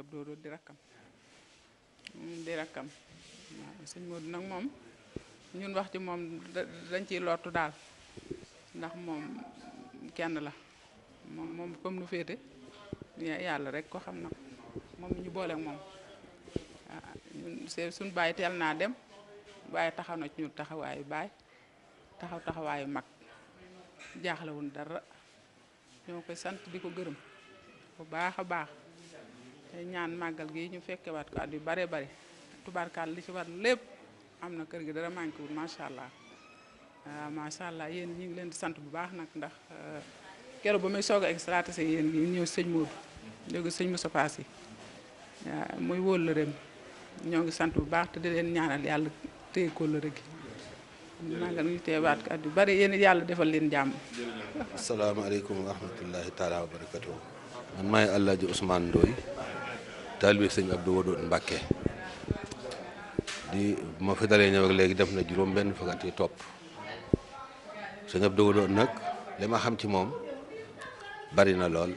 Abdou Dóor di rakkam di rakkam waaw sëñ Modou nag moom ñun wax ci moom dañ ciy lottu daal ndax moom kenn la moom moom comme nu féete yàlla rek ko xam na moom ñu boole moom waaw ah, suñ baay teel naa dem waaye taxaw na ci ñun taxawaayu baay taxaw taxawaayu mag jaaxlewuñ dara ñoo koy sant di ko gërëm bu baax baax tey ñaan màggal gi ñu fekkewaat ko at yu bare bare tubaarkaal li ci war lépp am na kër gi dara manqué wul macha allah waaw ah, macha allah yéen ñu ngi leen di sant bu baax nag ndax ah, keroog ba may soog a extraté yéen gi ñëw sëñ Modou jóge sëñ mu Fass yi waaw ah, muy wóllëreem ñoo ngi sant bu baax te di leen ñaanal yàlla téye kóllëre gi màggal ñu teewaat ko at yu bare yéen yàlla defal leen jàmm. asalaamaaleykum wa rahmatullahi taala wa barakatuh. man maay Alaaji Ousmane Ndoye taalibe sëñ Abdou Wadoud Mbacke di ma fi dalee ñëw léegi def na juróom benn fukki at topp sëñ Abdou Wadoud nag li ma xam ci moom bari na lool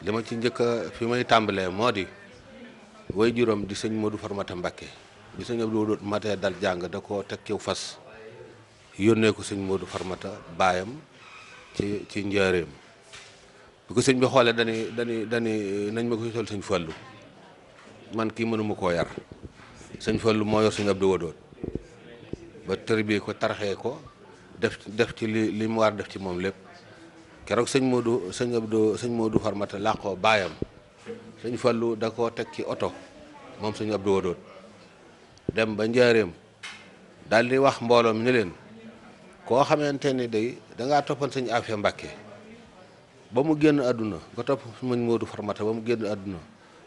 li ma ci njëkk fi may tàmbalee moo di way juróom di sëñ Modou Farmata Mbacke bi sëñ Abdou Wadoud matee dal jàng da koo teg ciw fas yónnee ko sëñ Modou Farmata baayam ci ci njaareem bu ko sëñ bi xoolee dani dani dani nañ ma ko sol sëñ Fallou man kii mënuma koo yar sëñ Fallou moo yor sëñ Abdou Wadoon ba tërbie ko taraxee ko def def ci li li mu war def ci moom lépp keroog sëñ Modou sëñ Abdou sëñ Modou Farmata baayam sëñ Fallou da koo teg ci oto moom sëñ Abdou Wadoon dem ba njaareem daal di wax mbooloo mi ne leen koo xamante ni day dangaa toppoon sëñ Afia Mbàkke ba mu génn àdduna nga topp mañ Moodu Farmata ba mu génn àdduna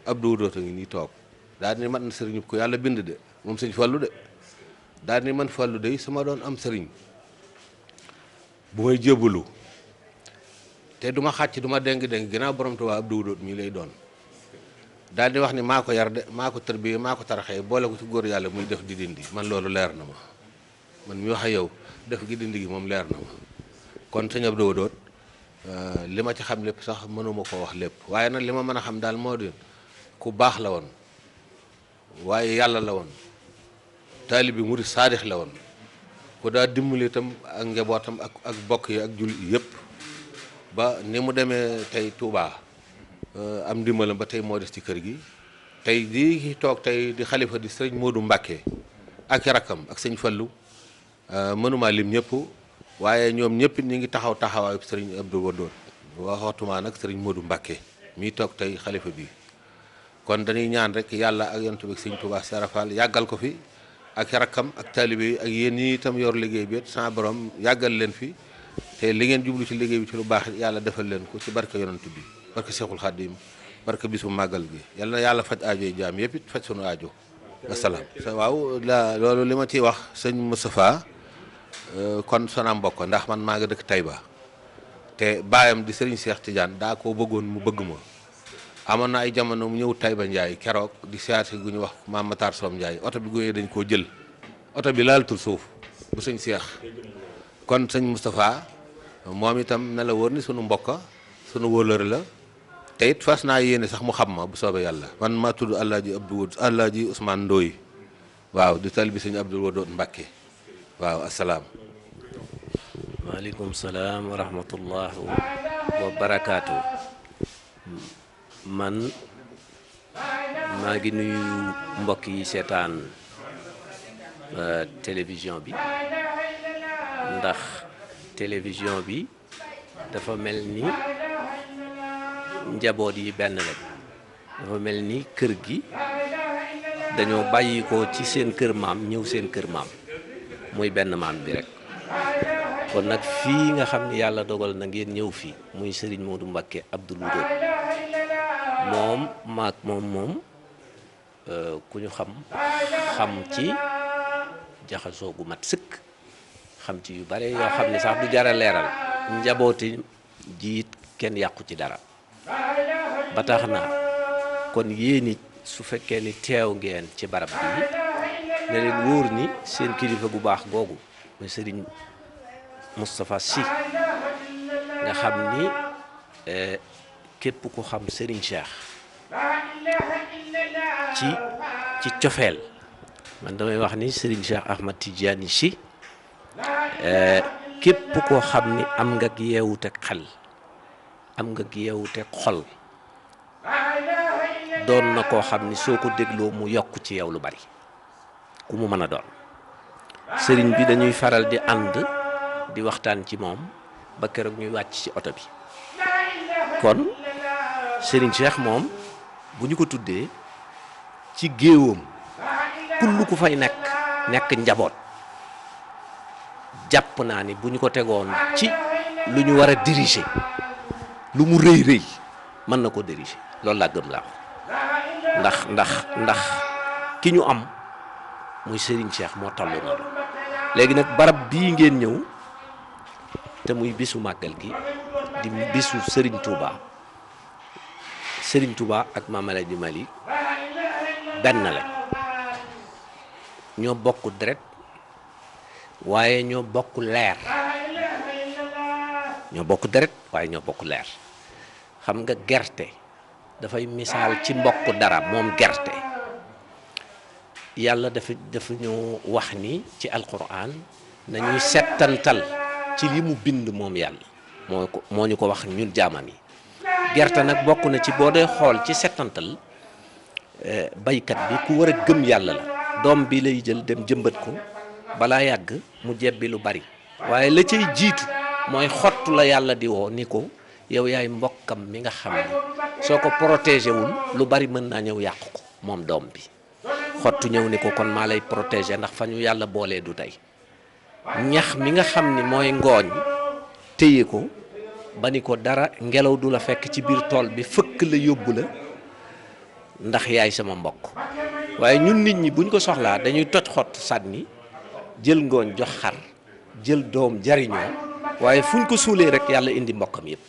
ab duudóota ngi nii toog daal ni man sëriñ ko yàlla bind de moom sëñ Fallou de man Fallou de sama doon am sëriñ bu may jébbalu te duma xàcc duma ma déng-déng ginnaaw borom Tuubaa ab duudóot mii lay doon daal di wax ni maa ko yar de maa ko tërbiye maa ko taraxee boole ko ci góor yàlla muy def di dindi man loolu leer na ma man mi wax yow def gi dindi gi moom leer na ma kon sëñ Abdou Wadoot Euh, li ma ci xam lépp sax mënuma koo wax lépp waaye nag li ma mën a xam daal moo di ku baax la woon waaye yàlla la woon taalibi murid saadix la woon ku daa dimbali itam ak njabootam ak ak bokk yi ak jullit yëpp ba ni mu demee tey tuubaa euh, am ndimbalam ba tey moo des ci kër gi tey di toog tey di xalifa di sëriñ Modou Mbacke ak rakkam ak sëñ Fallou euh, mënuma lim ñépp waaye ñoom ñëpp ñi ngi taxaw taxawaayu sëriñ Abdou Wadoon waxatuma nag sëriñ Modou Mbacké mii toog tey xalifa bi kon dañuy ñaan rek yàlla ak yonent bi sëriñ Touba Serafal yàggal ko fi ak rakkam ak taalibe yi ak yéen itam yor liggéey bi sans borom yàggal leen fi te li ngeen jublu ci liggéey bi ci lu baax yàlla defal leen ko ci barke yonent bi barke Seexul Xaadim barke bisu màggal bi yal na yàlla faj aajo jaam yëpp faj sunu aajo wasalaam waaw la loolu li ma ciy wax sëñ Moustapha Euh, kon sonaam mbokk ndax man maa nga dëkk Taïba te baayam di sëriñ Cheikh Tidiane daa koo bëggoon mu bëgg ma amoon na ay jamono mu ñëw Taïba Ndiaye keroog di siyaar si gu ñu wax ma Matar Soom Ndiaye oto bi gunee dañ koo jël oto bi laalatul suuf bu sëñ Cheikh kon sëñ Moustapha moom itam na la wóor ni sunu mbokk sunu wóolër la te it fas naa yéene sax mu xam ma bu soobee yàlla man maa tudd Alaaji Abdou Wod Alaaji Ousmane Ndoye waaw di tal bi sëñ Abdou Wadoot waaw asalaam maaleykum salaam wa rahmatullah wa barakaatu man maa ngi nuyu mbokk yi seetaan euh, télévision bi ndax télévision bi dafa mel ni njaboot yi benn lañ dafa mel ni kër gi dañoo bàyyi ci seen kër maam ñëw seen kër maam muy benn maam bi rek kon nag fii nga xam ni yàlla dogal na ngeen ñëw fii muy Serigne Modou Mbacké Abdoul Wadoud moom maak moom moom euh, ku ñu xam xam ci jaxasoo gu mat sëkk xam ci yu bare yoo xam ni sax du jara leeral njabooti jiit kenn yàqu ci dara ba na kon yéen it su fekkee ni teew ngeen ci barab bi ne leen wóor ni seen kilifa gu baax googu muy Serigne. Moustapha si nga xam ni e, képp ku xam Serigne Cheikh ci ci cofeel man damay wax ni Serigne Cheikh Ahmad Tidiane Sy e, képp koo xam ni am nga yeewute xel am nga yeewute xol doon na koo xam ni soo ko dégloo mu yokk ci yow lu bari ku mu mën a doon sëriñ bi dañuy faral di ànd di waxtaan ci moom ba keroog ñuy wàcc ci oto bi kon Serigne Cheikh moom bu ñu ko tuddee ci géewam kull ku fay nekk nekk njaboot jàpp naa ni bu ñu ko tegoon ci lu ñu war a diriger lu mu rëy rëy mën na ko diriger loolu laa gëm laa ko ndax ndax ndax ki ñu am muy Serigne Cheikh moo toll noonu léegi nag barab bii ngeen ñëw. te muy bisu màggal gi di bisu sëriñ Touba sëriñ Touba ak Mame Aladji Malick benn lañ ñoo bokk deret waaye ñoo bokk leer ñoo bokk deret waaye ñoo bokk leer xam nga gerte dafay misaal ci mbokk dara moom gerte yàlla dafa dafa ñu wax ni ci alquran nañuy settantal ci li mu bind moom yàlla moo ko moo ñu ko wax ñun jaamam yi gerte nag bokk na ci boo dee xool ci settantal eh, baykat bi ku war a gëm yàlla la doom bi lay jël dem jëmbat ko balaa yàgg mu jebbi lu bari waaye la cay jiitu mooy xottu la yàlla di woo ni ko yow yaay mbokkam mi nga xam ne soo ko protégé wul lu bari mën naa ñëw yàqu ko moom doom bi xottu ñëw ni ko kon maa lay protégé ndax fa ñu yàlla boolee du tey ñax mi nga xam ni mooy ngooñ téye ko ba ni ko dara ngelaw du la fekk ci biir tool bi fëkk la yóbbu la ndax yaay sama mbokk waaye ñun nit ñi buñ ko soxlaa dañuy toj xot xott sànni jël ngooñ jox xar jël doom jariñoo waaye fuñ ko suulee rek yàlla indi mbokkam yépp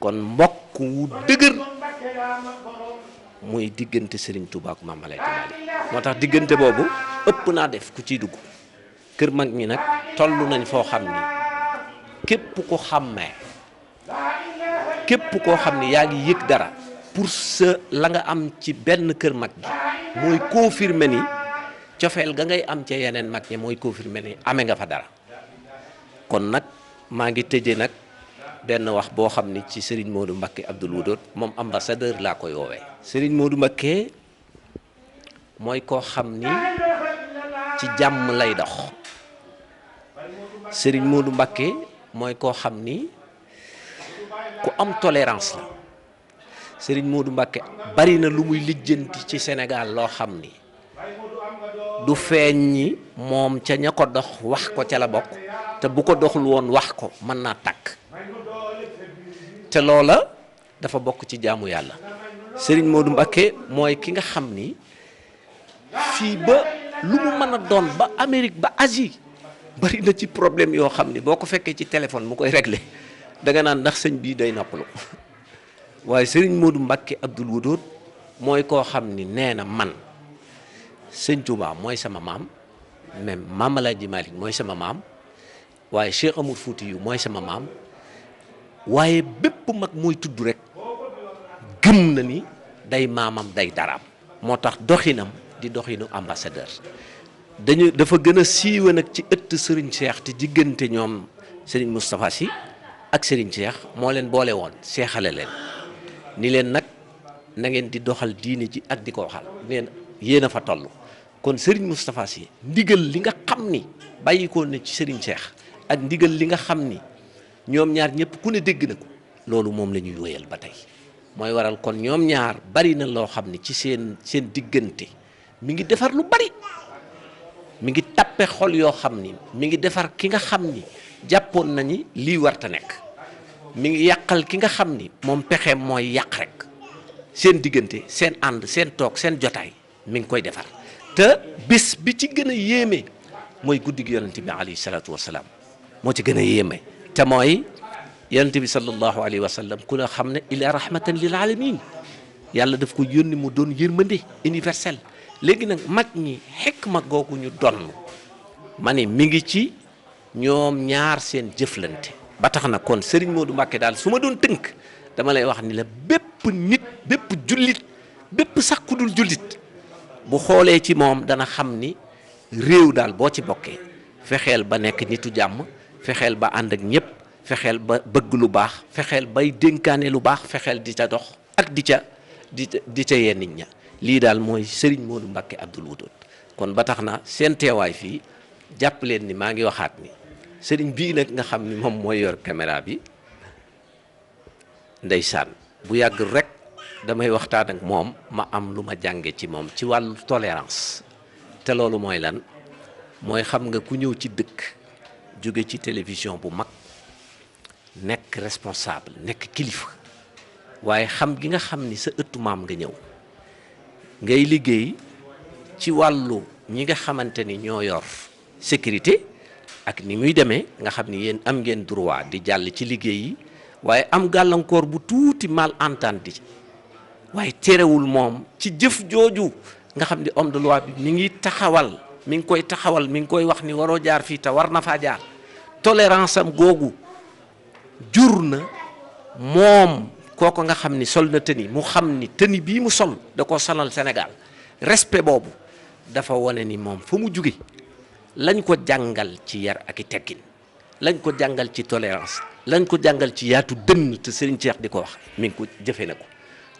kon mbokk wu dëgër muy diggante Serigne Touba ak Mame moo tax diggante boobu ëpp naa def ku ciy dugg kër mag ñi nag tollu nañ foo xam ni képp ko képp koo xam ni yaa ngi yëg dara pour sa la nga am ci benn kër mag gi mooy confirmer ni cofeel ga ngay am ca yeneen mag ñi mooy confirmer ni amee nga fa dara kon nag maa ngi tëje nag benn wax boo xam ni ci Serigne Modou Mbacké Abdoul Wadoud moom ambassadeur laa koy woowee Serigne Modou Mbacké mooy koo xam ni ci jàmm lay dox sëriñ Modou Mbakke mooy koo xam ni ku am tolerance la sëriñ Modou Mbakke bari na lu muy lijjanti ci senegaal loo xam ni du feeñ ñi moom ca ña ko dox wax ko ca la bokk te bu ko doxul woon wax ko mën naa takk te loola dafa bokk ci jaamu yàlla sëriñ Modou Mbakke mooy ki nga xam ni fii ba lu mu mën a doon ba Amérique ba Asie bari na ci problème yoo xam ni boo ko fekkee ci téléphone mu koy réglé danga naan ndax sëñ bii day noppalu waaye sëriñ Modou Mbacke Abdoul Wadoud mooy koo xam ni nee na man sëñ Touba mooy sama maam même Maam Alaaji mooy sama maam waaye Cheikh Amour Fouti yu mooy sama maam waaye bépp mag mooy tudd rek gëm na ni day maamam day daraam moo tax doxinam di doxinu ambassadeur dañu dafa gën a siiwe nag ci ëtt Serigne Cheikh te diggante ñoom Serigne Moustapha Sy ak sëriñ Cheikh moo leen boole woon seexale leen ni leen nag na ngeen di doxal diine ji ak di ko xal neen yéen a fa toll kon Serigne Moustapha Sy ndigal li nga xam ni bàyyikoo na ci Serigne Cheikh ak ndigal li nga xam ni ñoom ñaar ñëpp ku ne dégg na ko loolu moom la ñuy wéyal ba tey mooy waral kon ñoom ñaar bari na loo xam ne ci seen seen diggante mu ngi defar lu bari mi ngi tappe xol yoo xam ni mi ngi defar ki nga xam ni jàppoon na ni lii warta nekk mi ngi yàqal ki nga xam ni moom pexeem mooy yàq rek seen diggante seen ànd seen toog seen jotaay mi ngi koy defar te bés bi ci gën a yéeme mooy guddi gi yonent bi alayhi salaatu wasalaam moo ci gën a yéeme te mooy yonent bi sallallahu alayhi wa sallam ku la xam ne ila rahmatan lil alamin yàlla daf ko yónni mu doon yërmande universel léegi nag mag ñi xekk ma googu ñu donn ma ne mi ngi ci ñoom ñaar seen jëflante ba tax na kon Serigne Modou Mbacké daal su ma doon tënk dama lay wax ni la bépp nit bépp jullit bépp sax dul jullit bu xoolee ci moom dana xam ni réew daal boo ci bokkee fexeel ba nekk nitu jàmm fexeel ba ànd ak ñëpp fexeel ba bëgg lu baax fexeel bay dénkaane lu baax fexeel di ca dox ak di ca di ca di ca nit ña lii daal mooy sëriñ Serigne Modou Mbacké Abdoul Wadoud kon ba tax na seen teewaay fii jàpp leen ni maa ngi waxaat ni sëriñ bii nag nga xam ni moom mooy yor caméra bi ndeysaan bu yàgg rek damay waxtaan ak moom ma am lu ma jànge ci moom ci wàllu tolérance te loolu mooy lan mooy xam nga ku ñëw ci dëkk jóge ci télévision bu mag nekk responsable nekk kilifa waaye xam gi nga xam ni sa ëttu maam nga ñëw ngay liggéey ci wàllu ñi nga xamante ni ñoo yor sécurité ak ni muy demee nga xam ni yéen am ngeen droit di jàll ci liggéey yi waaye am gàllankoor bu tuuti malentendu ci waaye cerewul moom ci jëf jooju nga xam ni homme de loi bi mi ngi taxawal mi ngi koy taxawal mi ngi koy wax ni waroo jaar fii te war na faa jaar tolérance am googu jur na moom. kooko nga xam ni sol na tëni mu xam ni tëni bii mu sol da koo solal Sénégal respect boobu dafa wane ni moom fa mu jóge lañ ko jàngal ci yar ak i teggin lañ ko jàngal ci tolérance lañ ko jàngal ci yaatu dënn te Serigne Cheikh di ko wax mi ngi ko jëfe na ko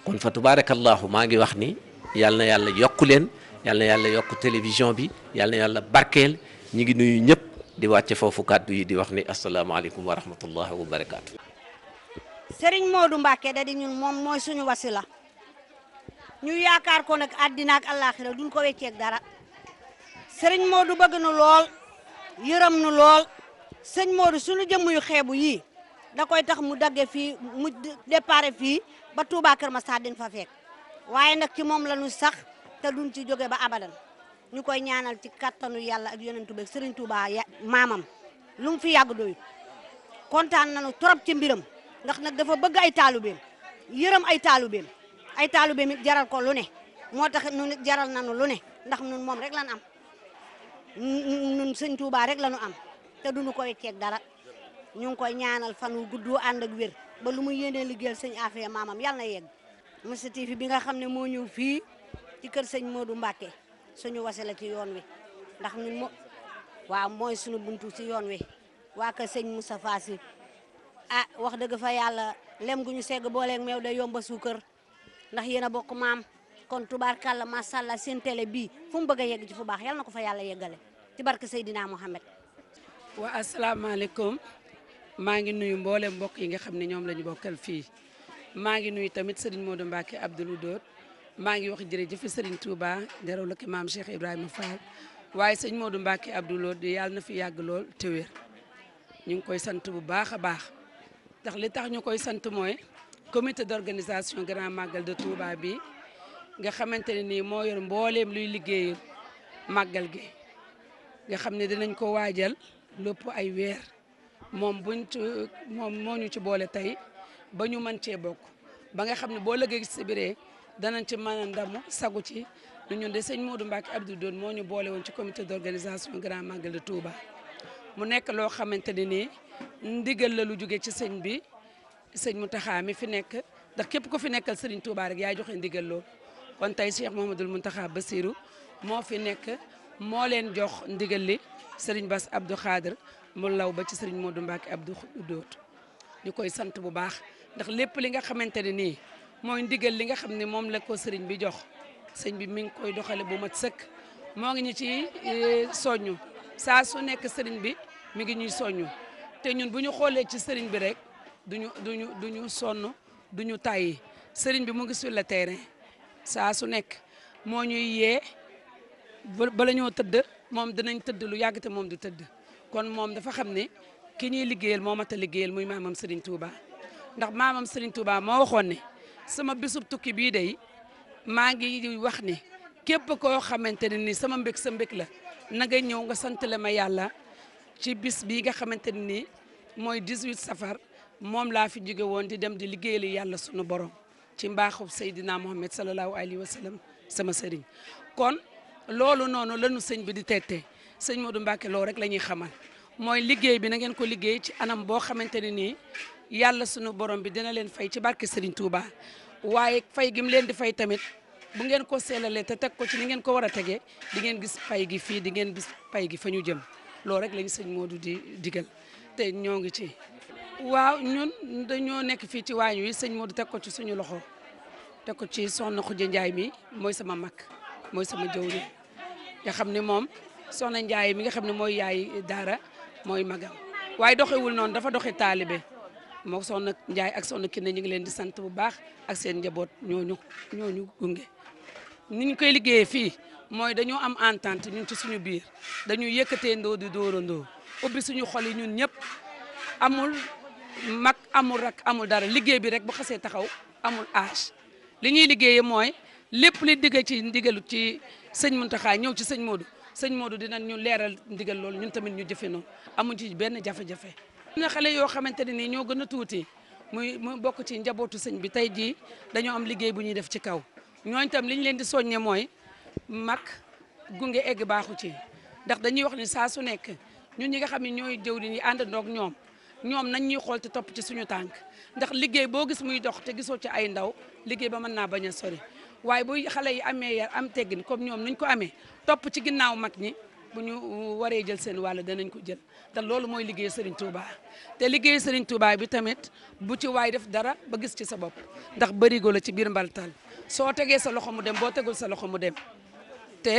kon fa tubaarakallaahu maa ngi wax ni yàlla na yàlla yokk leen yàlla yàlla yokk télévision bi yàlla yàlla barkeel ñu ngi nuyu ñëpp di wàcce foofu kàddu yi di wax ni asalaamaaleykum wa rahmatullahi wa barakaatu. Serigne Modou Mbacke da di ñun moom mooy suñu wasila ñu yaakaar ko nag àddina ak àllaaxira duñ ko wecceeg dara Serigne Modou bëgg nu lool yërëm nu lool sëñ Modou suñu jëmm yu xeebu yii da koy tax mu dagge fii mu déparé fii ba Touba Kër Massar din fa fekk waaye nag ci moom la ñu sax te duñ ci jóge ba abadan ñu koy ñaanal ci kattanu yàlla ak yonentu beeg Serigne Touba maamam lu mu fi yàgg doyut kontaan nañu trop ci mbiram. ndax nag dafa bëgg ay taalubeem yërëm ay taalubeem ay taalubeem it jaral ko lu ne moo tax nun jaral nañu lu ne ndax nun moom rek lan am nun sëñ Touba rek la ñu am te duñu koy ceeg dara ñu ngi koy ñaanal fan wu gudd wu ànd ak wér ba lu mu yéenee liggéeyal sëñ Afia maamam yàlla na yegg Moussa TV bi nga xam ne moo ñëw fii ci kër sëñ Modou Mbacké suñu wase la ci yoon wi ndax ñun mo waaw mooy suñu buntu ci yoon wi waa kër sëñ Moussa Fassi ah wax dëgg fa yàlla lem gu ñu segg booleeg meew day yomba suukar ndax yéen a bokk maam kon tubaarkàlla macha allah seen télé bii fu bëgg a yegg ci fu baax yàlla na ko fa yàlla yeggale ci barke Seydina Mohamed. waa asalaamaaleykum maa ngi nuyu mboolem mbokk yi nga xam ne ñoom la ñu bokkal fii maa ngi nuyu tamit Serigne Modou Mbacke Abdoulou Dóor maa ngi wax jërëjëf Serigne Touba jaraw la ki maam Cheikh Ibrahima Fall waaye sëñ Modou Mbacke Abdoulou Dóor yàlla na fi yàgg lool te wér ñu ngi koy sant bu baax a baax. ndax li tax ñu koy sant mooy comité d'organisation grand magal de Touba bi nga xamante ne nii moo yor mbooleem luy liggéeyu màggal gi nga xam ne dinañ ko waajal lépp ay weer moom buñ ci moom moo ñu ci boole tey ba ñu mën cee bokk ba nga xam ne boo lëggee si biir danañ ci mën a ndamu sagu ci nu ñun de sëñ Modou Mbacke Abdou Doon moo ñu boole woon ci comité d'organisation grand magal de Touba mu nekk loo xamante nii ndigal la lu jóge ci sëñ bi sëñ taxa mi fi nekk ndax képp ku fi nekkal Serigne Touba rek yaa joxe ndigal loolu kon tey Cheikh Mouhamadoul Mountakha Bassirou moo fi nekk moo leen jox ndigal li Serigne Bass Abdou Khader mu law ba ci Serigne Modou Mbacke Abdou Doot ñu koy sant bu baax ndax lépp li nga xamante ne nii mooy ndigal li nga xam ne moom la ko Serigne bi jox sëñ bi mi ngi koy doxale bu mat sëkk moo ngi ñu ci eh, soññu saa su nekk sëriñ bi mu ngi ñuy soññu. te ñun bu ñu xoolee ci sëriñ bi rek duñu duñu duñu sonn duñu tàyyi sëriñ bi mu ngi sur le terrain saa su nekk moo ñuy yee bala ñoo tëdd moom dinañ tëdd lu yàgg te moom di tëdd kon moom dafa xam ne ki ñuy liggéeyal moo mat a liggéeyal muy maamam sëriñ Touba ndax maamam sëriñ Touba moo waxoon ne sama bisub tukki bii day maa ngi wax ne képp koo xamante ne ni sama mbég sa mbég la na ñëw nga sant le ma yàlla ci bis bii nga xamante ne nii mooy 18 safar moom laa fi jóge woon di dem di liggéeyali yàlla sunu borom ci mbaaxub Seydina Mohamed salallahu alayhi wa sallam sama sëriñ kon loolu noonu lanu sëñ bi di tettee sëñ Modou Mbacke loolu rek la ñuy xamal mooy liggéey bi na ngeen ko liggéey ci anam boo xamante ne nii yàlla sunu borom bi dina leen fay ci barke Serigne Touba waaye fay gi mu leen di fay tamit bu ngeen ko seelalee te teg ko ci ni ngeen ko war a tegee di ngeen gis fay gi fii di ngeen gis fay gi fa ñu jëm. loolu rek lañu sëñ Modou di digal te ñoo ngi ci. waaw ñun dañoo nekk fii ci waañ wi sëñ Modou teg ko ci suñu loxo teg ko ci soxna Khoudia Ndiaye mi mooy sama mag mooy sama jëwriñ nga xam ne moom soxna Ndiaye mi nga xam ne mooy yaay daara mooy magam waaye doxewul noonu dafa doxe taalibe moo soxna njaay ak soxna Kine ñu ngi leen di sant bu baax ak seen njaboot ñooñu ñooñu gunge ni ñu koy liggéeyee fii mooy dañoo am entente ñun ci suñu biir dañuy yëkkatee ndoo di dóorandoo ubbi suñu xol yi ñun ñëpp amul mag amul rak amul dara liggéey bi rek bu xasee taxaw amul âge li ñuy liggéeyee mooy lépp li digg ci ndigalu ci sëñ mun Mountakha ñëw ci sëñ moodu sëñ Modou dina ñu leeral ndigal loolu ñun tamit ñu jëfe noonu amuñ ci benn jafe-jafe. na xale yoo xamante ne nii ñoo gën a tuuti muy mu bokk ci njabootu sëñ bi tey jii dañoo am liggéey bu ñuy def ci kaw. ñooñ tam liñ leen di soññe mooy mag gunge egg baaxu ci ndax dañuy wax ni saa su nekk ñu ñi nga xam ne ñooy jëwriñ yi àndandoo ak ñoom ñoom nañ ñuy xool te topp ci suñu tànk ndax liggéey boo gis muy dox te gisoo ci ay ndaw liggéey ba mën naa bañ a sori waaye bu xale yi amee yar am teggin comme ñoom nuñ ko amee topp ci ginnaaw mag ñi bu ñu waree jël seen walla danañ ko jël te loolu mooy liggéey Serigne Touba te liggéey Serigne Touba bi tamit bu ci waay def dara ba gis ci sa bopp ndax bërigo la ci biir mbaltal soo tegee sa loxo mu dem boo tegul sa loxo mu dem te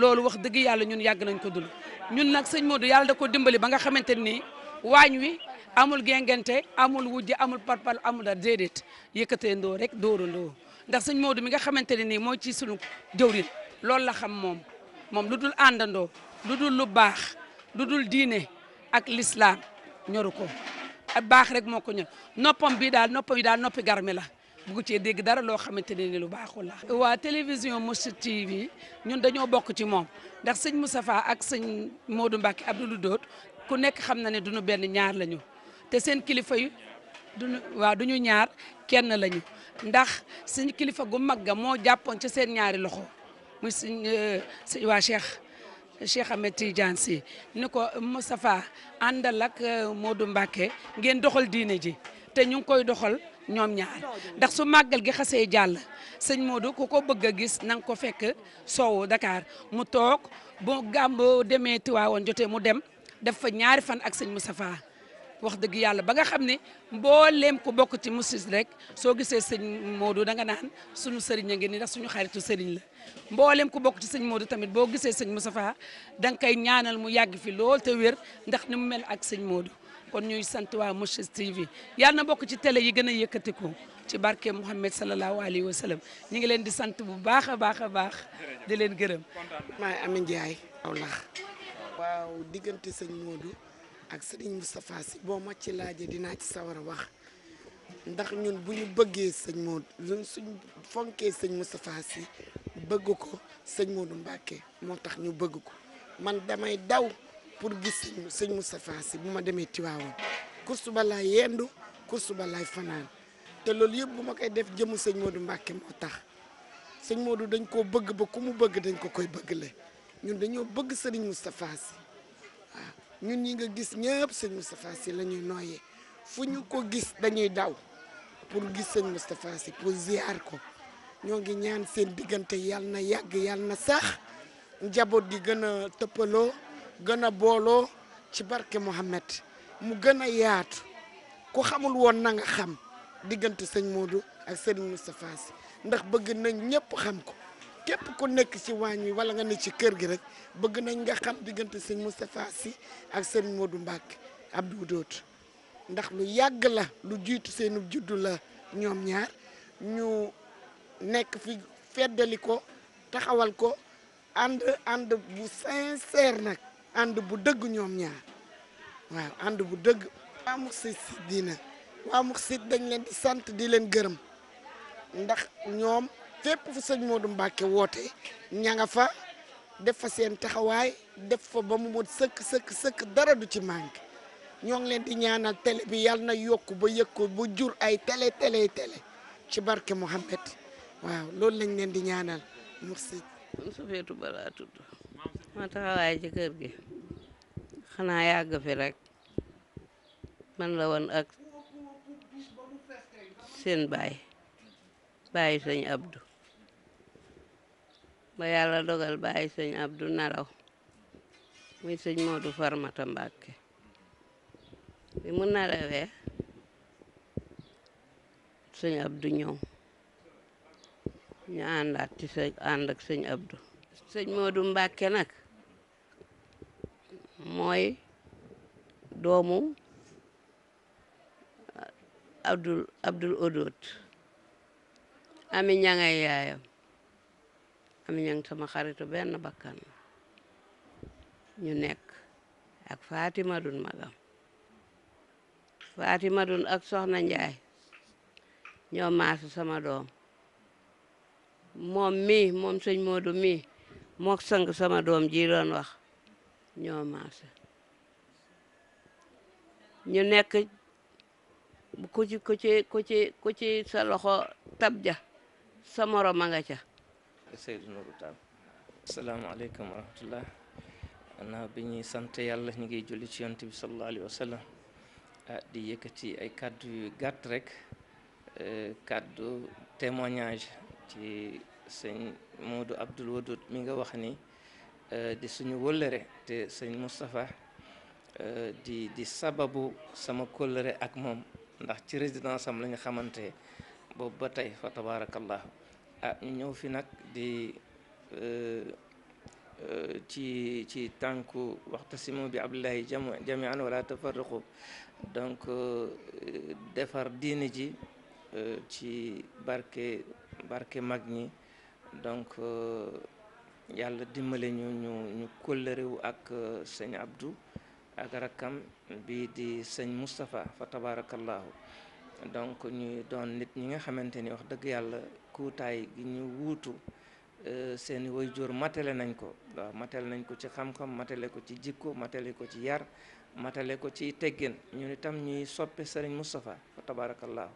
loolu wax dëgg yàlla ñun yàgg nañ ko dund ñun nag sëñ Modou yàlla da ko dimbali ba nga xamante ni waañ wi amul gengente amul wujj amul parpal amul a déedéet yëkkatee ndoo rek dóorandoo ndax sëñ Modou mi nga xamante ne nii mooy ci sunu jëwrin loolu la xam moom moom lu dul àndandoo lu dul lu baax lu dul diine ak lislaam ñoru ko ak baax rek moo ko ñor noppam bii daal noppam yi daal noppi garmi la bugg cee dégg dara loo xamante ne ni lu baaxul la waa télévision Mourchid TV ñun dañoo bokk ci moom ndax sëñ Moustapha ak sëñ Modou Mbacké lu Dóot ku nekk xam na ne duñu benn ñaar lañu te seen kilifa yu waa waaw duñu ñaar kenn lañu ndax seen kilifa gu mag ga moo jàppoon ci seen ñaari loxo muy euh, sëñ waa Cheikh Cheikh Ahmed Tidiane Sy ni ko Moustapha àndal ak euh, Modou Mbacké ngeen doxal diine ji te ñu ngi koy doxal ñoom ñaar ndax su màggal gi xasee jàll sëñ Modou ko ko bëgg a gis na nga ko fekk soowu Dakar mu toog boo gàmbo demee Tiwaawoon jotee mu dem def fa ñaari fan ak sëñ mu Moustapha wax dëgg yàlla ba nga xam ne mbooleem ku bokk ci musis rek soo gisee sëñ Modou danga naan suñu sëriñ a ngi nii ndax suñu xaritu sëriñ la mbooleem ku bokk ci sëñ Modou tamit boo gisee sëñ mu Moustapha danga koy ñaanal mu yàgg fi lool te wér ndax ni mu mel ak sëñ moodu kon ñuy sant waa Mourchid TV yal na bokk ci télé yi gën a yëkkatiku ci barke Mouhamed salallahu alayhi wa sallam ñu ngi leen di sant bu baax a baax a baax di leen gërëm. maa ngi Amy Ndiaye awlax waaw diggante sëñ Modou ak sëriñ Moustapha Sy boo ma ci laajee dinaa ci sawar a wax ndax ñun bu ñu bëggee sëñ Modou ñun suñ fonkee sëñ Moustapha Sy bëgg ko sëñ Modou Mbacké moo tax ñu bëgg ko man damay daw. pour gis sëñ Moustapha si bu ma demee Tiwaawoon kursu ba laay yendu kursu ba laay fanaan te loolu yëpp bu ma koy def jëmm sëñ Modou Mbacke moo tax sëñ Modou dañ koo bëgg bëgg dañ ko koy bëgg ñun dañoo bëgg sëriñ Moustapha Sy ñi nga gis ñëpp sëñ Moustapha Sy lañuy ñuy nooyee fu ñu ko gis dañuy daw pour gis sëñ Moustapha Sy pour ziar ko ñoo ngi ñaan seen diggante yàlla na yàgg yàlla na sax njaboot gi gën a tëppaloo gën a booloo ci barke Mouhamed mu gën a yaatu ku xamul woon na nga xam diggante sëñ Modou ak Serigne Moustapha Sy ndax bëgg nañ ñëpp xam ko képp ku nekk ci waañ wi wala nga ne ci kër gi rek bëgg nañ nga xam diggante sëñ Moustapha Sy ak Serigne Modou Mbacke Abdou Dóot ndax lu yàgg la lu jiitu seenu juddu la ñoom ñaar ñu nekk fi feddali ko taxawal ko ànd ànd bu sincère nag ànd bu dëgg ñoom ñaar waaw ànd bu dëgg waa Mourchid diina waa Mourchid dañ leen di sant di leen gërëm ndax ñoom fépp fu sëñ Modou Mbacke woote ña nga fa def fa seen taxawaay def fa ba mu mot sëkk sëkk sëkk dara du ci manqué ñoo ngi leen di ñaanal télé bi yàlla na yokk ba yëg ko ba jur ay télé télé télé ci barke Mouhamed waaw loolu lañ leen di ñaanal Mourchid. man su feetu balaa tudd. ma taxawaay ci kër gi xanaa yàgg fi rek man la woon ak seen baay baay sëñ Abdu ba yàlla dogal baay sëñ Abdu nelaw muy sëñ Moodu Farmata Mbàkke bi mu nelawee sëñ Abdu ñëw ñu àndaat ci sëñ ànd ak sëñ Abdu sëñ Moodu Mbàkke nag mooy doomu uh, abdul abdul odoot ami ñangay yaayam ami ñang sama xaritu benn bakkan ñu nekk ak fatima dun magam fatima dun ak soxna njaay ñoo maasu sama doom moom mi moom sëñ moodu mi mook sang sama doom ji doon wax ñoo maase ñu nekk ku ci ku ci ku ci sa loxo tab ja sa morom a nga ca Seydou Nourou Tall asalaamaaleykum wa rahmatullah anaa bi ñuy sant yàlla ñu ngi julli ci yonent bi sallallahu alayhi wa sallam ah di yëkkati ay kàddu yu gàtt rek eh, kàddu témoignage ci sëñ Modou Abdoul Wadoud mi nga wax ni Eh, di suñu wëllëre te sëñ Moustapha eh, di di sababu sama kóllëre ak moom ndax ci résidence am la ñu xamante boobu ba tey fa tabaarakallah ah ñu ñëw fi nag di eh, ci ci tànku waxtasimu bi abdullahi jamian wala tafarruqu donc defar diini ji ci barke barke mag ñi donc yàlla dimbale ñu ñu ñu kóllërewu ak euh, sëñ Abdou ak rakkam bii di sëñ Moustapha fa tabaarakallaahu donc ñuy doon nit ñi nga xamante ni wax dëgg yàlla kuutaay gi ñu wuutu euh, seen waajur matele nañ ko waaw matele nañ ko ci xam-xam matale ko ci jikko matele ko ci yar matale ko ci teggin ñun itam ñuy soppe sëriñ Moustapha fa tabaarakallaahu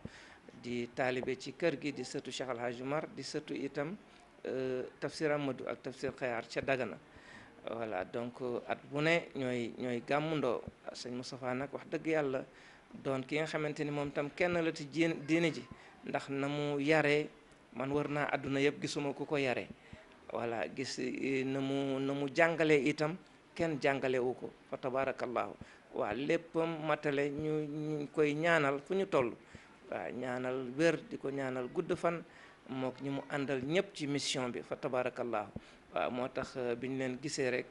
di taalibe ci kër gi di sëtu Cheikh Al Umar di sëtu itam Euh, tafsir Amadou ak tafsir Xayaar ca Dagana voilà donc euh, at bu ne ñooy ñooy gàmmundoo sëñ Moustapha nag wax dëgg yàlla doon ki nga xamante ni moom tam kenn la ci diine ji ndax na mu yare man war naa àdduna yëpp gisuma ku ko yaree voilà gis eh, na mu na mu jàngale itam kenn jàngalewu ko fa tabaarakallaahu waa léppam matale ñu ñu koy ñaanal fu ñu toll waa ñaanal wér di ko ñaanal gudd fan mook ñi mu àndal ñëpp ci mission bi fa tabaarakallaahu waaw moo tax euh, bi ñu leen gisee rek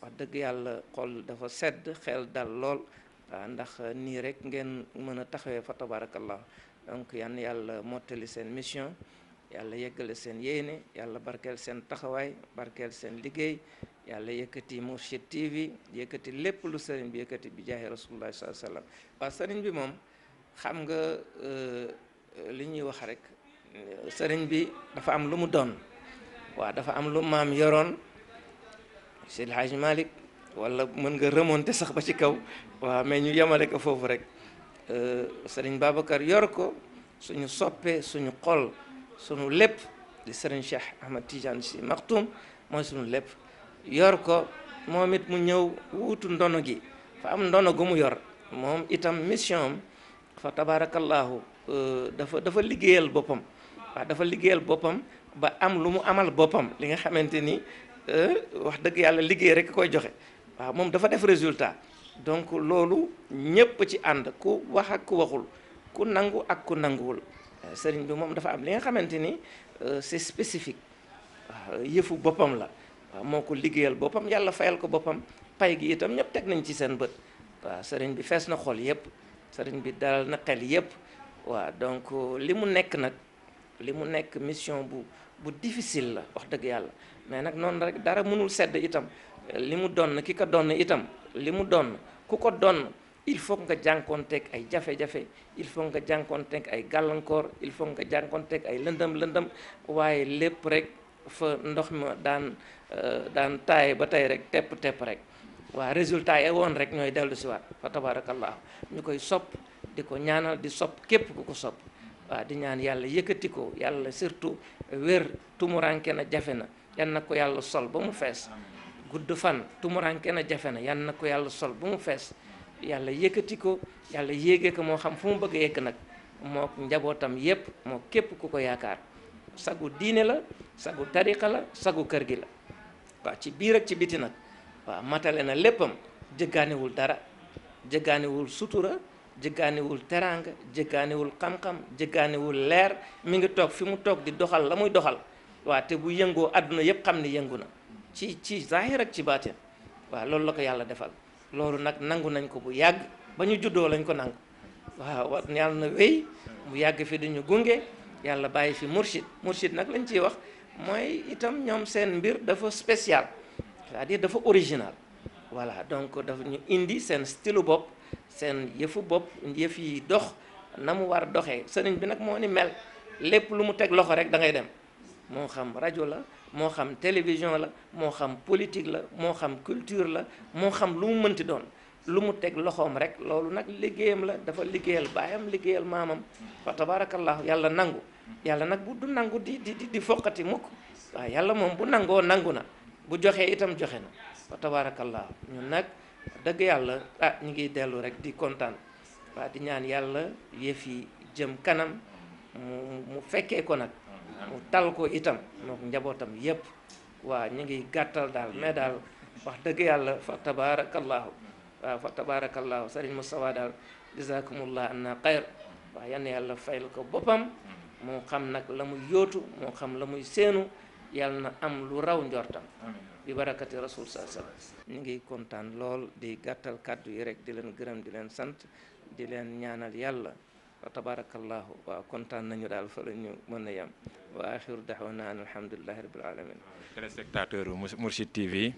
wax dëgg yàlla xol dafa sedd xel dal lool waaw ndax euh, nii rek ngeen mën a taxawee fa tabaarakallaahu donc yan yàlla mottali seen mission yàlla yeggale seen yéene yàlla barkeel seen taxawaay barkeel seen liggéey yàlla yëkkati Mourchid TV yëkkati lépp lu sëriñ bi yëkkati bi jaay rasulullah sallallahu alayhi wa sëriñ bi moom xam nga euh, li ñuy wax rek sëriñ bi dafa am lu mu doon waaw dafa am lu maam yoroon Seydi El Hadj Malick wala mën nga remonter sax ba ci kaw waaw mais ñu yemale ko foofu rek euh, sëriñ Babacar yor ko suñu soppee suñu xol suñu lépp di sëriñ Cheikh Ahmad Tidiane Sy Maktoum mooy suñu lépp yor ko moom it mu ñëw wuutu ndono gi fa am ndono gu mu yor moom itam mission am fa tabaarakallaahu euh, dafa dafa liggéeyal boppam waa dafa liggéeyal boppam ba am lu mu amal boppam li nga xamante ni euh, wax dëgg yàlla liggéey rek koy joxe waaw moom dafa def résultat donc loolu ñépp ci ànd ku wax ak ku waxul ku nangu ak ku nanguwul euh, sëriñ bi moom dafa am li nga xamante ni euh, c'est spécifique waaw yëfu boppam la waaw moo ko liggéeyal boppam yàlla fayal ko boppam pay gi itam ñëpp teg nañ ci seen bët waaw sëriñ bi fees na xol yépp sëriñ bi dalal na xel yépp waaw donc li mu nekk nag li mu nekk mission bu bu difficile la wax dëgg yàlla mais nag noonu rek dara mënul sedd itam li mu donn ki ko donn itam li mu donn ku ko donn il faut nga jànkoon jànkoonteeg ay jafe-jafe il faut nga jànkoon jànkoonteeg ay gàllankoor il faut nga teg ay lëndëm lëndëm waaye lépp rek fa ndox ma daan euh, daan taay ba tey rek tepp tepp rek waa résultat yi woon rek ñooy dellu si waat fa tabarakallahu ñu koy sopp di ko ñaanal di sopp képp ku ko sopp waaw di ñaan yàlla yëkkatikoo yàlla surtout wér tumuranke na jafe na yan na ko yàlla sol ba mu fees gudd fan tumuranke na jafe na yan na ko yàlla sol ba mu fees yàlla yëkkati ko yàlla yéegee ko moo xam fu mu bëgg a yegg nag moo njabootam yépp moo képp ku ko yaakaar sagu diine la sagu tariqa la sagu kër gi la waaw ci biir ak ci biti nag waaw matale na léppam jëggaaniwul dara jëggaaniwul sutura jëggaaniwul teraanga jëggaaniwul xam-xam jëggaaniwul leer mi ngi toog fi mu toog di doxal la muy doxal waa te bu yëngoo àdduna yépp xam ni yëngu na ci ci zahir ak ci baatin waaw loolu la ko yàlla defal loolu nag nangu nañ ko bu yàgg ba ñu juddoo lañ ko nangu waaw wa na wéy mu yàgg fi dañu gunge yàlla bàyyi fi mursid mursid nag lañ ci wax mooy itam ñoom seen mbir dafa spécial cest à dafa original voilà donc dafa ñu indi seen stylu bopp seen yëfu bopp yëf yi dox na mu war doxee sëriñ bi nag moo ni mel lépp lu mu teg loxo rek da ngay dem moo xam rajo la moo xam télévision la moo xam politique la moo xam culture la moo xam lu mu mënti doon lu mu teg loxoom rek loolu nag liggéeyam la dafa liggéeyal baayam liggéeyal maamam fa tabarakallah yàlla nangu yàlla nag bu du nangu di di di foqati mukk waaw yàlla moom bu nangoo nangu na bu joxee itam joxe na fa ñun nag dëgg yàlla ah ñu ngi dellu rek di kontaan waa di ñaan yàlla yëf yi jëm kanam mu mu fekkee ko nag mu tal ko itam donc njabootam yépp waa ñu ngi gàttal daal mais daal wax dëgg yàlla fa tabaarakallaahu waaw fa tabaarakallaahu sëriñ Moustapha daal jazakumullah anna xayr waaw yan yàlla fayal ko boppam moo xam nag la muy yóotu moo xam la muy séenu yàlla na am lu raw njortam bi barakati rasul saa sallam ñu ngi kontaan lool di gàttal kàddu yi rek di leen gërëm di leen sant di leen ñaanal yàlla wa tabarakallahu waaw kontaan nañu daal fa la ñu mën a yem wa axiru daxwana an alhamdulilahi rabbil alamin téléspectateur Mourchid TV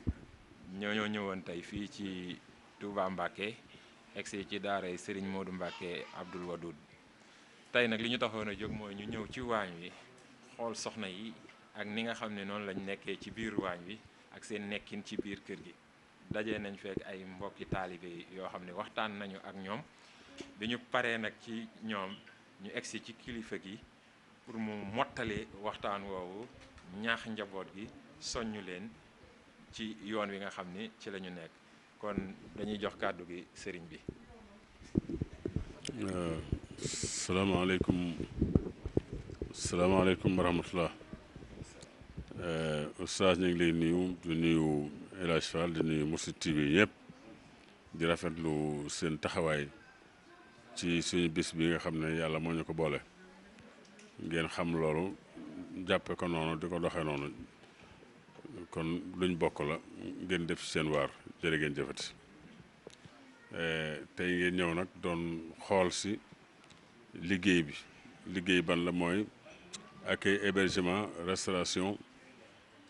ñoo ñoo ñëwoon tey fii ci Touba Mbacké egsi ci daaray Serigne moodu Mbacké Abdoul Wadoud tey nag li ñu taxoon a jóg mooy ñu ñëw ci waañ wi xool soxna yi ak ni nga xam ne noonu lañu nekkee ci biir waañ wi ak seen nekkin ci biir kër gi daje nañ fekk ay mbokki taalibe yoo xam ne waxtaan nañu ak ñoom bi ñu paree nag ci ñoom ñu egsi ci kilifa gi pour mu mottali waxtaan woowu ñaax njaboot gi soññu leen ci yoon wi nga xam ni ci lañu nekk kon dañuy jox kàddu gi sëriñ bi euh, salaamaaleykum salaamaaleykum wa Euh, oustaz ñu ngi lay nuyu di nuyu El Hadj Fall di TV yëpp di rafetlu seen taxawaay ci suñu bis bi nga xam ne yàlla moo ñu ko boole ngeen xam loolu jàppe ko noonu di ko doxee noonu kon luñ bokk la ngeen def ci seen waar jërë ngeen jëfati euh, tey ngeen ñëw nag doon xool si liggéey bi liggéey ban la mooy accueil hébergement restauration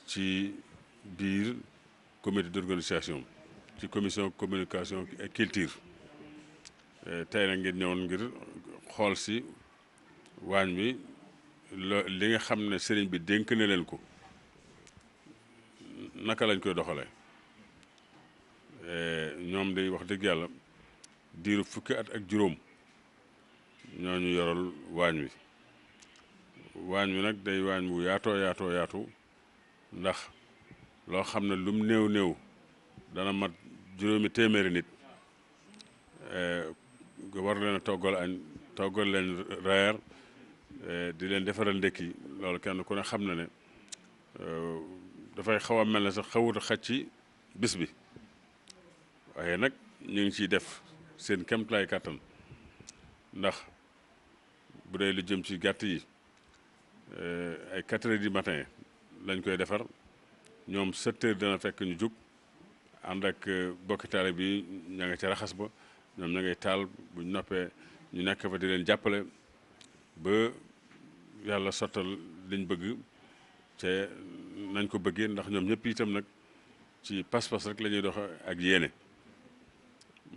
ci biir comité d'organisation ci commission communication et culture euh, tey nag ngeen ñëwoon ngir xool si waañ wi lo li nga xam ne sëriñ bi dénk na leen ko naka lañ koy doxalee euh, ñoom day wax dëgg yàlla diiru fukki at ak juróom ñoo ñu yoral waañ wi waañ wi nag day waañ wu yaatoo yaatoo yaatu ndax loo xam ne lum néew néew dana mat juróomi téeméeri nit eh, war leen a toggal añ toggal leen reer eh, di leen defaral ndékki loolu kenn ku ne xam na ne eh, dafay xaw a mel ne sax xawut xaj ci bis bi waaye nag ñu ngi ciy def seen kemtalaay kàttan ndax bu dee lu jëm ci gàtt yi ay quatre du matin lañ koy defar ñoom sept heures dana fekk ñu jug ànd ak euh, bokki taale bi ña nga ca raxas ba ñoom ña ngay taal bu ñu noppee ñu nekk fa di leen jàppale ba yàlla sottal liñ bëgg te nañ ko bëggee ndax ñoom ñëpp itam nag ci pas-pas rek lañuy dox ak yéene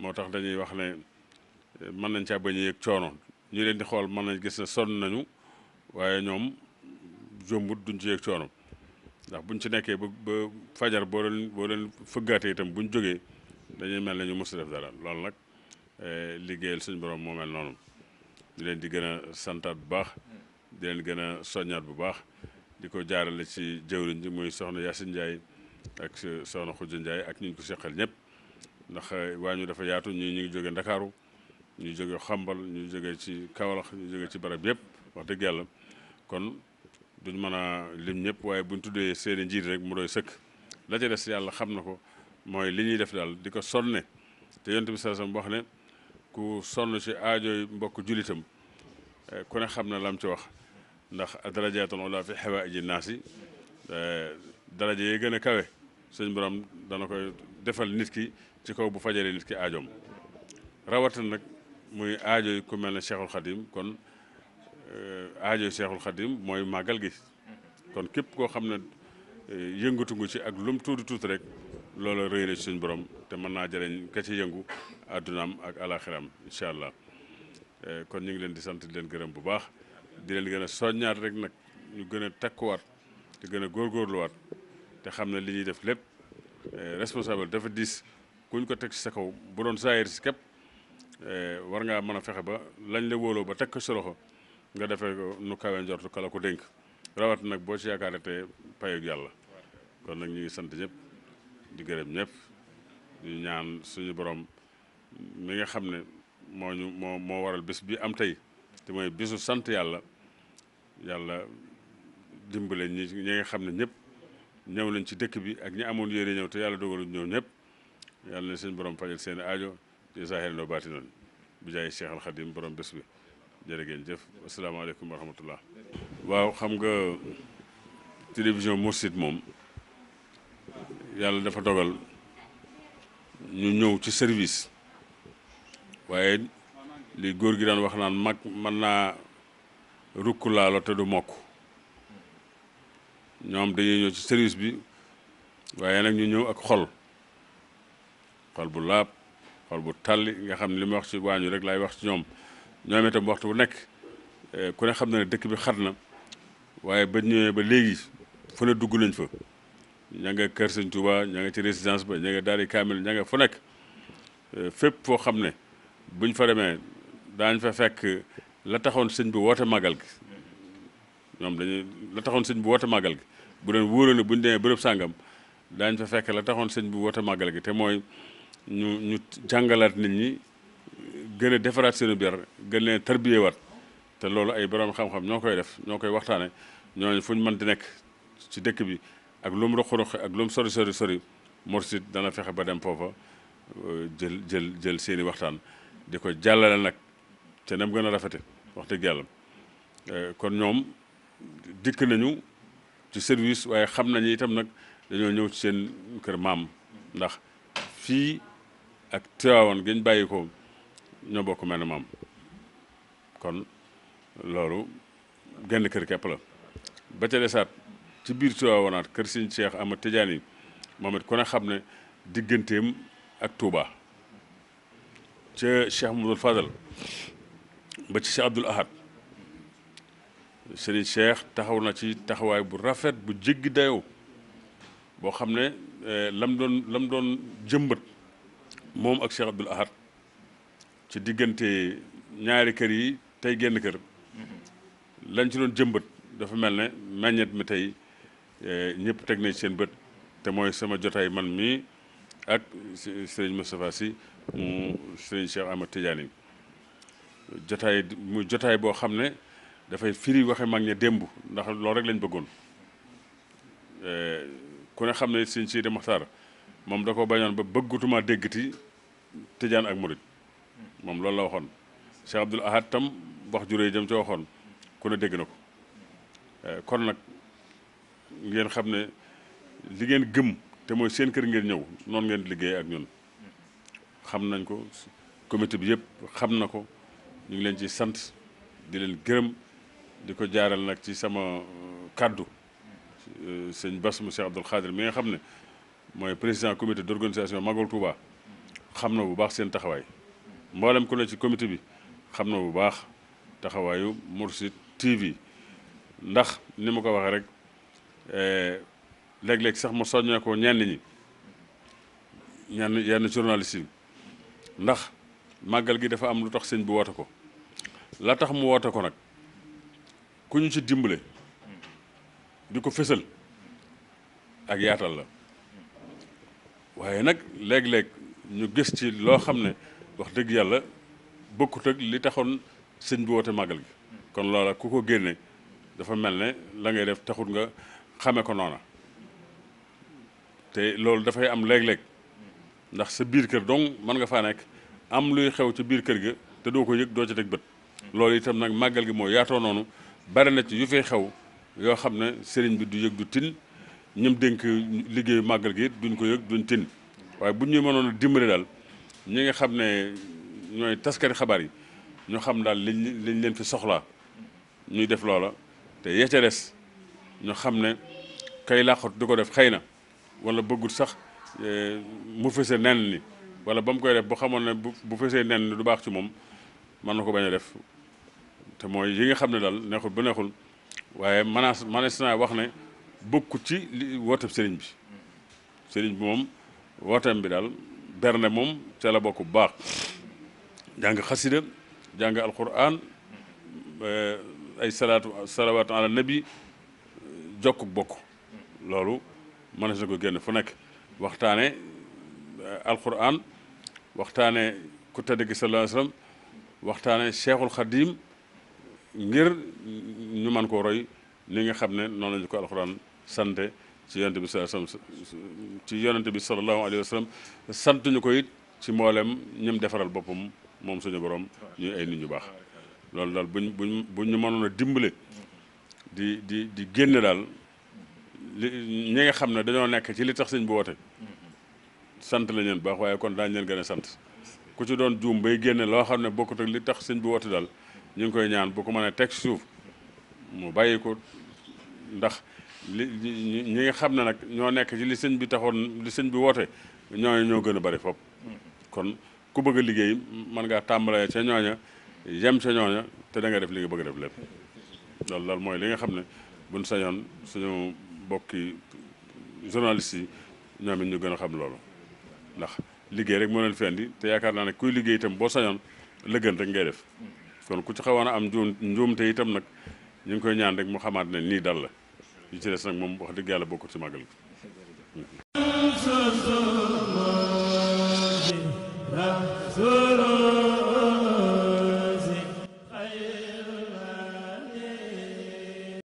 moo tax dañuy wax ne euh, mën nañ caa bañ yëg coono ñu leen di xool mën nañ gis ne sonn nañu waaye ñoom jombut duñ ci yëg coono. ndax buñ ci nekkee ba ba fajar boo doon boo doon fëggaatee itam buñ jógee dañuy mel ne ñu mos a def dara loolu nag eh, liggéeyal suñu borom moo mel noonu di leen di gën a santaat bu baax di leen gën a soñaat bu baax di ko jaarale ci jëwriñ ji muy soxna Yacine Ndiaye ak soxna Khoudia Ndiaye ak ñu ko seqal ñëpp ndax eh, waa ñu dafa yaatu ñii ñu ngi Ndakaaru ñu jóge Xambal ñu jóge ci Kawlax ñu jóge ci barab yëpp wax dëgg yàlla kon duñ mën a lim ñëpp waaye buñ tuddee seeni njiit rek mu doy sëkk la ca des yàlla xam na ko mooy li ñuy def daal di ko sonne te yonent bi saa sam wax ne ku sonn ci aajooy mbokk julitam eh, ku ne xam ne lam ci wax ndax darajaatun ulaa fi hawaaiji naas yi eh, daraja yee gën a kawe suñ borom dana koy defal nit ki ci kaw bu fajaree nit ki aajoom rawatina nag muy aajooy ku mel ne Cheikhul Khadim kon Euh, aajo Seexul Xadim mooy màggal gi kon képp koo xam ne euh, yëngatu ci ak lum tuuti tuuti rek loola rëy na ci suñu borom te mën naa jëriñ ka ci yëngu àddunaam ak alaxiram incha allah euh, kon ñu ngi leen di sant di leen gërëm bu baax di leen gën a soññaat rek nag ñu gën a takkuwaat te gën a góor góorluwaat te xam ne li ñuy def lépp responsable dafa diis kuñ ko teg ci sa kaw bu doon saayir si képp war ngaa mën a fexe ba lañ la wóoloo ba teg ko nga defe ko nu kawe njortu kala ko dénk rawat nag boo ci te payug yàlla kon nag ñu ngi sant ñëpp di gërëm ñëpp ñu ñaan suñu borom mi nga xam ne moo moo waral bés bi am tey te mooy bésu sant yàlla yàlla dimbale ñi ñi nga xam ne ñëpp ñëw nañ ci dëkk bi ak ñi amoon yére ñëw te yàlla dogalu ñëw ñëpp yàlla na suñu borom fajal seen aajo ci saahir no baati noonu bi jaay Cheikh Al borom bés bi jërë ngeen jëf asalaamaaleykum wa rahmatullah waaw xam nga télévision Mourchid moom yàlla dafa dogal ñu ñëw ci service waaye li góor gi daan wax naan mag mën naa rukk laalo te du mokk ñoom dañuy ñëw ci service bi waaye nag ñu ñëw ak xol xol bu laab xol bu tàlli nga xam ne li mu wax ci waañu rek laay wax ci ñoom ñoom itam waxtu bu nekk eh, ku ne xam na ne dëkk bi xat na waaye ba ñëwee ba léegi fu dugg nañ fa ña nga Kër Sëñ Touba ña nga ci résidence ba ña daal daari kaamil ña nga fu nekk eh, fépp foo xam ne buñ fa demee daañ fa fekk la taxoon sëñ bu woote màggal gi ñoom dañuy la taxoon sëñ bu woote màggal gi bu doon wóoroon ne buñ demee bërëb sàngam daañ fa fekk la taxoon sëñ bi woote màggal gi te mooy ñu ñu jàngalaat nit ñi gën a defaraat seenu biir gën leen tarbiyee waat te loolu ay borom xam-xam ñoo koy def ñoo koy waxtaane ñooñu fu ñu mën di nekk ci dëkk bi ak lu mu roq-roq ak lu mu sori sori sori morsit dana fexe ba dem foofa euh, jël jël jël seeni waxtaan di ko jàllale nag te nam gën a rafete wax dëgg yàlla euh, kon ñoom dikk nañu ci service waaye xam nañu itam nag dañoo ñëw ci seen kër maam ndax fii ak Tiwaawan gi ñu bàyyi ko ñoo bokk mel maam kon loolu genn kër kepp la ba ca desaat ci biir Tiwaawonaat kër Sëñ Cheikh Ahmad Tidiane moom it ku ne xam ne digganteem ak Touba ca Cheikh Mamadou Fadal ba ci Cheikh Abdoul Ahad Serigne Cheikh taxaw na ci taxawaay bu rafet bu jéggi dayoo boo xam ne eh, lam doon lam doon jëmbat moom ak Cheikh Abdoul Ahad ci diggante ñaari kër yi tey genn kër lañ ci doon jëmbat dafa mel ne meññet mi tey eh, ñëpp teg nañ seen bët te mooy sama jotaay man mii ak sëriñ Moustapha Sy mu sëriñ Cheikh Ahmad Tidiane jotaay mu jotaay boo xam ne dafay firi waxe mag ña démb ndax loolu rek lañ bëggoon eh, ku ne xam ne sëriñ Sidi Maxtaar moom da ko bañoon ba bëggatuma déggati Tidiane ak Murit moom loolu la waxoon Cheikh Abdoul Ahad tam wax juré jam ca waxoon ku ne dégg na ko eh, kon nag ngeen xam ne li ngeen gëm te mooy seen kër ngeen ñëw noonu ngeen liggéey ak ñun xam nañ ko comité bi yëpp xam na ko ñu ngi leen ci sant di leen gërëm di ko jaaral nag ci sama euh, kàddu euh, sëñ Bass mu Cheikh Abdoul Khadir mi nga xam ne mooy président comité d'organisation Magal Touba xam na bu baax seen taxawaay mboolem ku ne ci comité bi xam na bu baax taxawaayu Mourchid TV ndax ni ma ko waxee rek eh, léeg-léeg sax mu soññee ko ñenn ñi ñenn yenn journaliste yi ndax màggal gi dafa am lu tax sëñ bi woote ko la tax mu woote ko nag ku ñu ci dimbale di ko fësal ak yaatal la waaye nag léeg-léeg ñu gis ci loo xam ne wax dëgg yàlla bokkut ak li taxoon sëñ bi woote màggal gi kon loola ku ko génne dafa mel ne la ngay def taxut nga xame ko noona te loolu dafay am léeg-léeg ndax sa biir kër dong mën nga faa nekk am luy xew ca biir kër ga te doo ko yëg doo ci teg bët loolu itam nag màggal gi moo yaatoo noonu bari na ci yu fay xew yoo xam ne sëriñ bi du yëg du tin ñëm dénk liggéeyu màggal gi duñ ko yëg duñ tin waaye bu ñuy mënoon a dimbali daal ñi nga xam ne ñooy taskari xabaar yi ñu xam daal liñ liñ leen fi soxlaa ñuy def loola te yecca des ñoo xam ne kay làqatu di ko def xëy na wala bëggul sax eh, mu fese nen ni wala ba mu koy def xamoon ne bu fesee nen ni du baax ci moom mën na ko bañ a def te mooy yi nga xam ne daal neexul ba neexul waaye manas manas naa wax ne bokku ci li wooteeb sëriñ bi sëriñ bi moom wooteem bi daal berne moom ca bokk bu baax jàng xasida jàng alquran eh, ay salaatu salawaatu ala nabi jokk bokk loolu mënees na ko génn fu nekk waxtaane eh, alquran waxtaane ku tedd gi sallallahu alayhi wasallam waxtaane cheikhul xadim ngir ñu mën ko roy li nga xam ne noonu lañu ko alquran sante ci yonent bi sallallahu alayhi wasallam ci yonent bi sallallahu alayhi wasallam ñu ko it ci mboolem ñim defaral boppam moom suñu borom ñuy ay nit ñu baax loolu daal buñ buñ buñ ñu mënoon a dimbale di di di génne daal li ñi nga xam ne dañoo nekk ci li tax sëñ bu woote sant la leen baax waaye kon daañu leen gën a sant ku ci doon juum bay génne loo xam ne bokkut ak li tax sëñ bu woote daal ñu ngi koy ñaan bu ko mën a teg suuf mu bàyyi ko ndax li ñi nga xam ne nag ñoo nekk ci li bi taxoon li bi woote ñooñu ñoo gën a bari foofu kon ku bëgg a liggéey man ngaa tàmbalee ca ñooña yem ca ñooña te da nga def li nga bëgg a def lépp loolu loolu mooy li nga xam ne buñ sañoon suñu bokki journalistes yi ñoom it ñu gën a xam loolu ndax liggéey rek moo leen fi te yaakaar naa ne kuy liggéey itam boo sañoon lëgën rek ngay def kon ku ci xawoon a am njuum njuumte itam nag ñu ngi koy ñaan rek mu xamaat ne nii dal la li ci des nag moom wax dëgg yàlla bokkul ci màggal gi